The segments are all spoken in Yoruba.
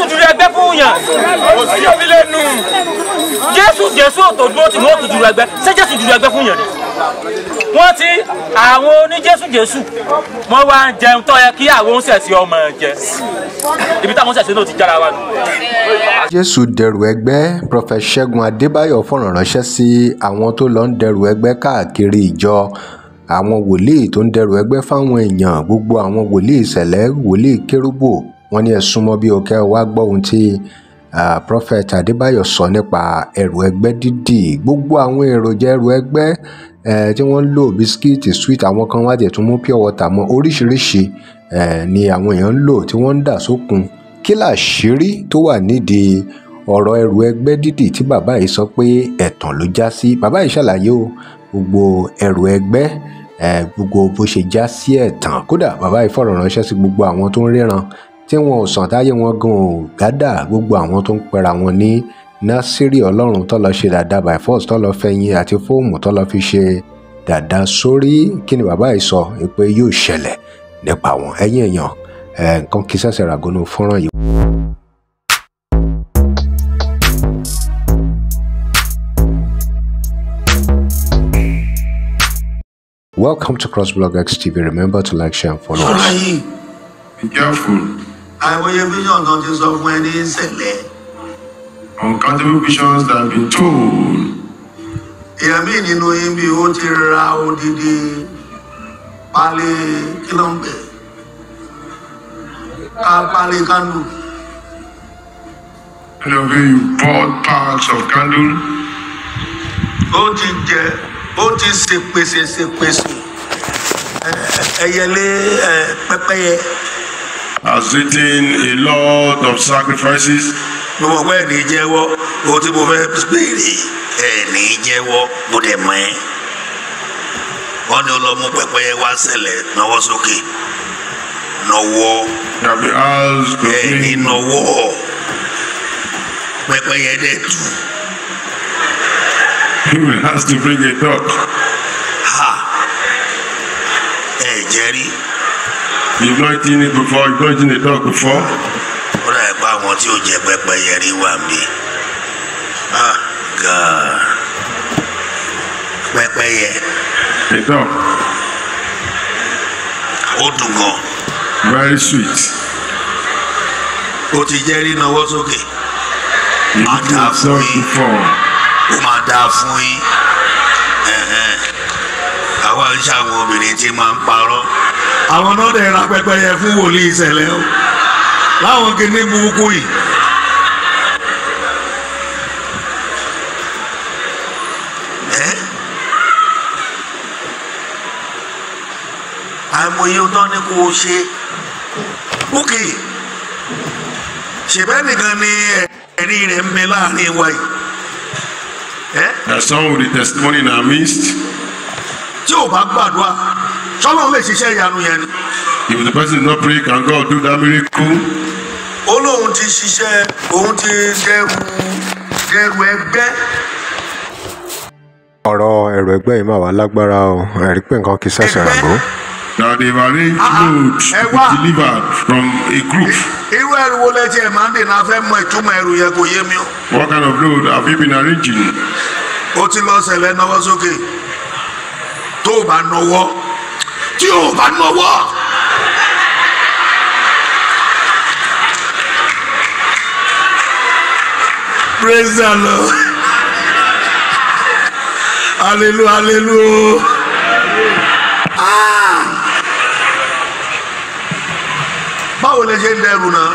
jésù dúró ẹgbẹ́ fún yàn. kò sí omi lẹ́nu. jésù jésù tó dúró tì wọ́n ti dúró ẹgbẹ́ ṣé jésù dúró ẹgbẹ́ fún yàn ni. wọ́n ti àwọn oní jésù jésù wọ́n wá ń jẹun tó yẹ kí àwọn oníṣẹ̀ṣẹ̀ ọmọ jẹ ibi táwọn oníṣẹ̀ṣẹ̀ náà ti jára wa nù. jésù dẹrù ẹgbẹ́ prophet ṣẹ́gun adébáyọ̀ fọ̀rọ̀ ránṣẹ́ sí àwọn tó lọ ń dẹrù ẹgbẹ́ káàkiri ìjọ àwọn wòlíì tó ń dẹrù ẹgbẹ́ fáwọn èèyàn gbogbo àwọn wòlíì ìṣẹ̀lẹ̀ wòlíì kérúbù wọ́n ní ẹ súnmọ́ bí òkè wá gbọ́ ohun tí prophet adébáyọ̀ sọ nípa ẹrù ẹgbẹ́ dídì gbogbo àwọn èròjà ẹrù ẹgbẹ́ tí wọ́n ń lò bisikíìtì sweet àwọn kan wá tẹ̀ tún mú pure water mọ́ oríṣiríṣi ni àwọn èèyàn ń lò tí wọ́n ń dà sókun kí làṣírí tó wà nídìí ọ̀rọ̀ ẹrù ẹgbẹ́ dídì tí bàbá yìí sọ pé ẹ̀tàn ló já sí bàbá yìí ṣàlàyé o gbogbo ẹrù ẹgbẹ́ gbogbo bó ṣe já sí ẹ̀tàn kódà bàbá yìí fọ̀rọ̀ ránṣẹ́ sí gbogbo àwọn tó ń ríran tí wọn ò sàn táyé wọn gan ò gádà gbogbo àwọn tó ń pera wọn ní násírì ọlọ́run tó ṣe dàda by force tó fẹ̀yìn àti fóòmù tó fi ṣe dàda sórí kí ni bàbá yìí sọ pé yóò ṣẹlẹ̀ nípa wọn ẹ̀yìn èèyàn nǹkan kí sẹ́sẹ̀ ràgónú fọ́nrán yìí. Welcome to CrossBlogX XTV. Remember to like, share, and follow us. Be careful àìmọye vision náà ti sọ fún ẹ ní ìṣẹ̀lẹ̀. uncountable visions that have been told. èèyàn míì nínú yín bí ó ti ra odidi pálí kílọ̀mbẹ̀ ká pálí kándù. Many of you, you bought packs of candle. Ó ti jẹ, ó ti ṣèpèsè ṣèpèsè ẹyẹlé pẹ́pẹ́yẹ has written a lot of sacrifices. mo mọ̀ pé ẹ̀ní jẹ́wọ́ ohun tí mo fẹ́ béèrè ẹ̀ní jẹ́wọ́ mo dẹ̀ mọ́ ẹ́ wọ́n ní ọlọ́mú pẹ́pẹ́ wá sẹlẹ̀ náwó sókè nọwọ́ ẹ̀ní nọwọ́ pẹ́pẹ́ yẹn dẹ̀ tù. He will have to bring a dog. Ha! Ẹ jẹ́rìí. You've not seen it before, you've not seen a dog before. Ó rà ẹ̀ pa àwọn tí ó jẹ pẹpẹ yẹrí wà mí. Ah God. Pẹpẹ yẹ. Ìtọ́. Ó dùn gan. Very sweet. O ti jẹ́ rí náwó sókè. Máa dáa fún yín. Ó máa dáa fún yín. Àwa ń ṣàwọn obìnrin tí máa ń parọ́ àwọn náà dẹ̀ ra pẹ́pẹ́yẹ fún wòlíì ìṣẹ̀lẹ̀ o láwọn kìíní burúkú yìí. àìmọye tán ni kò ṣe ókè ṣèbẹ́ nìkan ni ẹ̀rí rẹ̀ ń bẹ láàrin wa yìí. There are some with the testimony in our tí o bá gbàdúrà sọlọ́n lè ṣiṣẹ́ ìyanu yẹn ni. if the person no pray can God do that miracle. ó lóun ti ṣiṣẹ́ òun ti dẹrù dẹrù ẹgbẹ́ ọ̀rọ̀ ẹ̀rọ ẹgbẹ́ yìí mà wá lágbára o ẹ̀rí pé nǹkan kì í ṣẹ̀ṣẹ̀ ràgó. that they arrange ah, ah, load to be delivered from a group. irú ẹrù wo lẹ tiẹ̀ máa ń dènà fẹ́ mọ ìtumọ̀ ẹrù yẹn kò yé mi o. what kind of load have you been arranging. o ti lọ sẹ̀lẹ̀ náwó sókè tó o bá náwó tí o bá nu ọwọ́. praise the lord hallelujah hallelujah ah báwo lè ṣe ń dẹrù náà.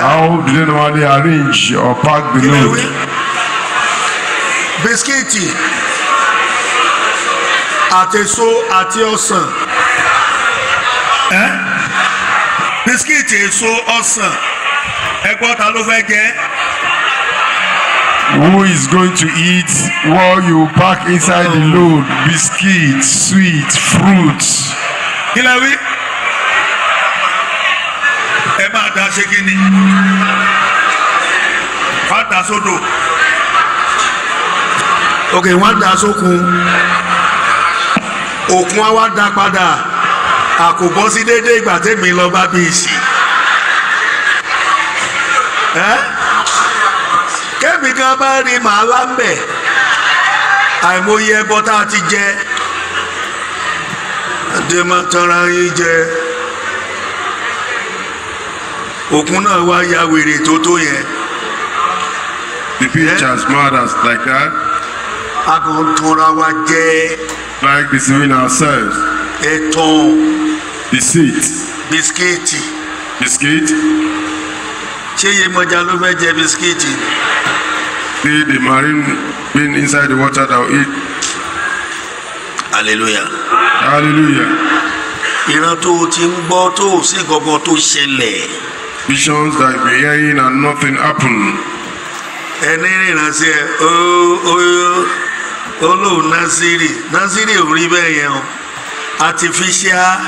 How do they normally arrange or pack the load? Bisikíìtì àtèso àti ọsàn bisikíìtì èso ọsàn ẹgbọ́n ta ló fẹ́ jẹ. Who is going to eat while you pack inside the load biscuit sweet fruit. kí lẹ wí ẹ máa da ṣe kí ni wọ́n da sódò ok wọ́n da sókun òkun á dá padà àkùbọ́ sí déédéé ìgbà tèmi lọ bá bí ìsì. kẹ́mi gan bá rí màá lámbẹ̀ àìmọye ẹbọ tá a ti jẹ àdèmọ́tara yín jẹ òkun náà wá ya wèrè tó tó yẹn. the pictures murders like that. a kò tora wa jẹ́ like deceiving ourselves. ètò. deceit. bisikíìtì. bisikíìtì. ṣé Yemọja ló fẹ́ jẹ bisikíìtì. see the marine being inside the water that will eat. hallelujah. hallelujah. ìran tó o ti ń gbọ́ tó o sì gbọ́gbọ́ tó ṣẹlẹ̀. visions that you be in and nothing happen. ẹni rìnrìn sí ẹ ooo ooo. Oh, oh, oh olóhùn naziri naziri ò rí bẹ́ẹ̀ yẹn o artificial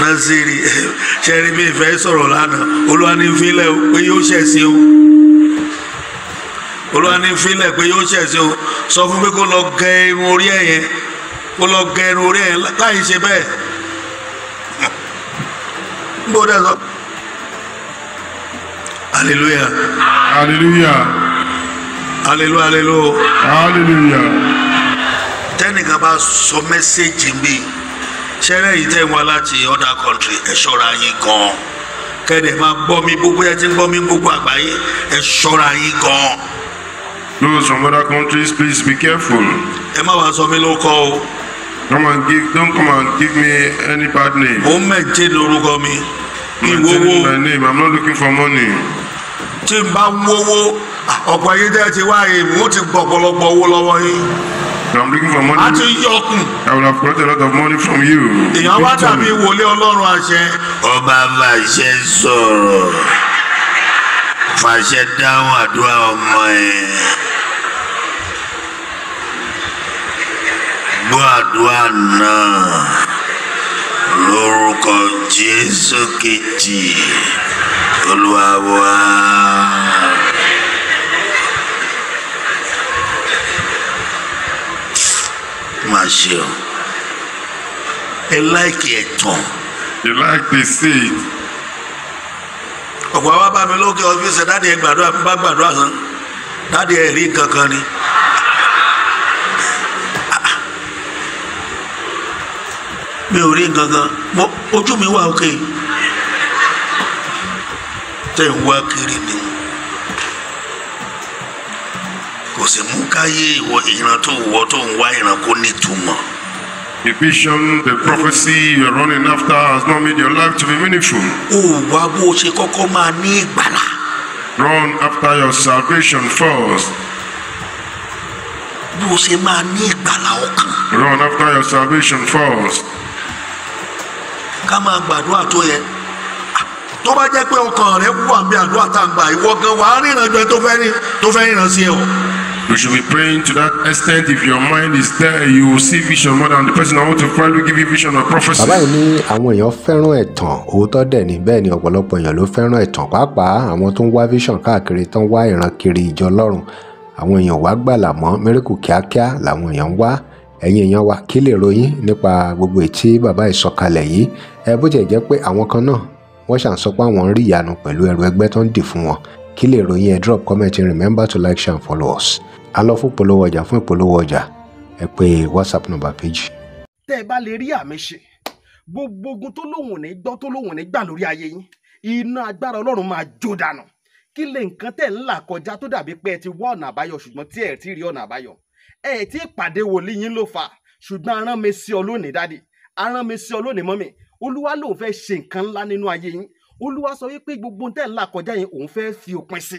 naziri ṣẹ́ni bí ìfẹ́ sọ̀rọ̀ lánàá olúwanífilẹ̀ pé yóò ṣẹ̀sí o olúwanífilẹ̀ pé yóò ṣẹ̀sí o sọ fún pé kó lọ gẹ irun orí ẹ̀ yẹn kó lọ gẹ irun orí ẹ̀ yẹn láì ṣe bẹ́ẹ̀ n bó dẹ́ sọ hallelujah hallelujah aleluya aleluya. aleluya. tẹ́nìkan bá sọ mẹ́sẹ̀gì mi ṣẹ́rẹ́ yìí tẹ̀ wá láti other country ẹ̀ ṣọ́ra yín gan-an kẹ́dẹ̀ máa gbọ́ mi gbogbo ẹ ti ń gbọ́ mi gbogbo àgbáyé ẹ̀ ṣọ́ra yín gan Those from other countries, please be careful. Ẹ má wàá sọ mí lórúkọ o. Come and give, don't come and give me any bad name. Ó mẹ̀jẹ̀ lórúkọ mi. Kí n wówó. My name, I'm not looking for money. Tí n bá wówó ọ̀pọ̀ ayé tẹ́ ti wá èèmù ó ti gbọ́ ọ̀pọ̀lọpọ̀ owó lọ́wọ́ yín. I'm looking for money. A ti yọkùn. I will have brought a lot of money from you. Èèyàn wá dàbí wòlé Ọlọ́run àṣẹ. Ọba fàṣẹ sọ̀rọ̀. Fàṣẹ dáhùn àdúrà ọmọ ẹ̀. Gbọ́ àdúrà náà lórúkọ Jésù kejì Olúwa wa. ń ṣe o ẹ láìkì ẹ̀tàn. you like the seed. ọ̀pọ̀ àwọn bá mi lókè ọ́fíìsì dáàdi ẹ̀ gbàdúrà bá gbàdúrà sàn dáàdi ẹ̀ rí nǹkan kan ni. mi ò rí gangan ojú mi wà òkè tẹ̀ wá kiri nìyí. sì mú káyé ìran tó wọ tó ń wá ìran kó nítumọ̀. The vision, the prophecy you are running after has not made your life to be meaningful. Ó wá bó o ṣe kọ́kọ́ máa ní ìgbàlà. Run after your salvation first. Bó o ṣe máa ní ìgbàlà ọkàn. Run after your salvation first. Ká máa gbàdúrà tó yẹ tó bá jẹ́ pé ọkàn rẹ̀ wà bí àdúrà tá a gbà ìwọ gan wàá ríran jọ tó fẹ́ ríran sí ẹ o. You should be praying to that extent. If your mind is there, you will see vision more than the person I want to find will give you vision or prophecy. Bàbá yìí ní àwọn èèyàn fẹ́ràn ẹ̀tàn òótọ́ dẹ̀ ní bẹ́ẹ̀ ni ọ̀pọ̀lọpọ̀ èèyàn ló fẹ́ràn ẹ̀tàn pàápàá àwọn tó ń wá vision káàkiri tó ń wá ìran kiri ìjọ Ọlọ́run àwọn èèyàn wá gbàlà mọ́ mẹ́ríkù kíákíá làwọn èèyàn ń wá ẹ̀yin èèyàn wa kí lè ròyìn nípa gbogbo ètí bàbá ìsọ̀kalẹ̀ yìí ẹ bó tiẹ̀ jẹ́ pé àwọn kan náà wọ́n ṣàn sọ pé àwọn ń rí ìyanu pẹ̀lú ẹrù ẹgbẹ́ tó ń dì fún wọn kí lè ròyìn ẹ drop comment remember to like share and follow us a lọ fún ìpolówó ọjà fún ìpolówó ọjà ẹ pé whatsapp number page. tẹ́ ẹ bá lè rí àmì ṣe gbogbo ogun tó lóun ò ní gbọ́ tó lóun ò ní gbà lórí ayé yín iná agbára ọlọ́run máa jó dànù kí lè nǹkan tẹ̀ ń là kọjá tó dàbí pé ẹ ti wá ọ̀nà àbáyọ ṣùgbọ́n tí ẹ ti rí ọ̀nà àbáyọ ẹ ti pàdé wòlíì yín ló fà ṣùgbọ́n arán mi sí ọ lónìí dádì arán mi sí ọ lónìí mọ́mì olúwa lòun fẹ́ ṣe nǹkan ńlá nínú ayé yín olúwa sọ wípé gbogbo tẹ̀ ń là kọjá yẹn òun fẹ́ fi òpin sí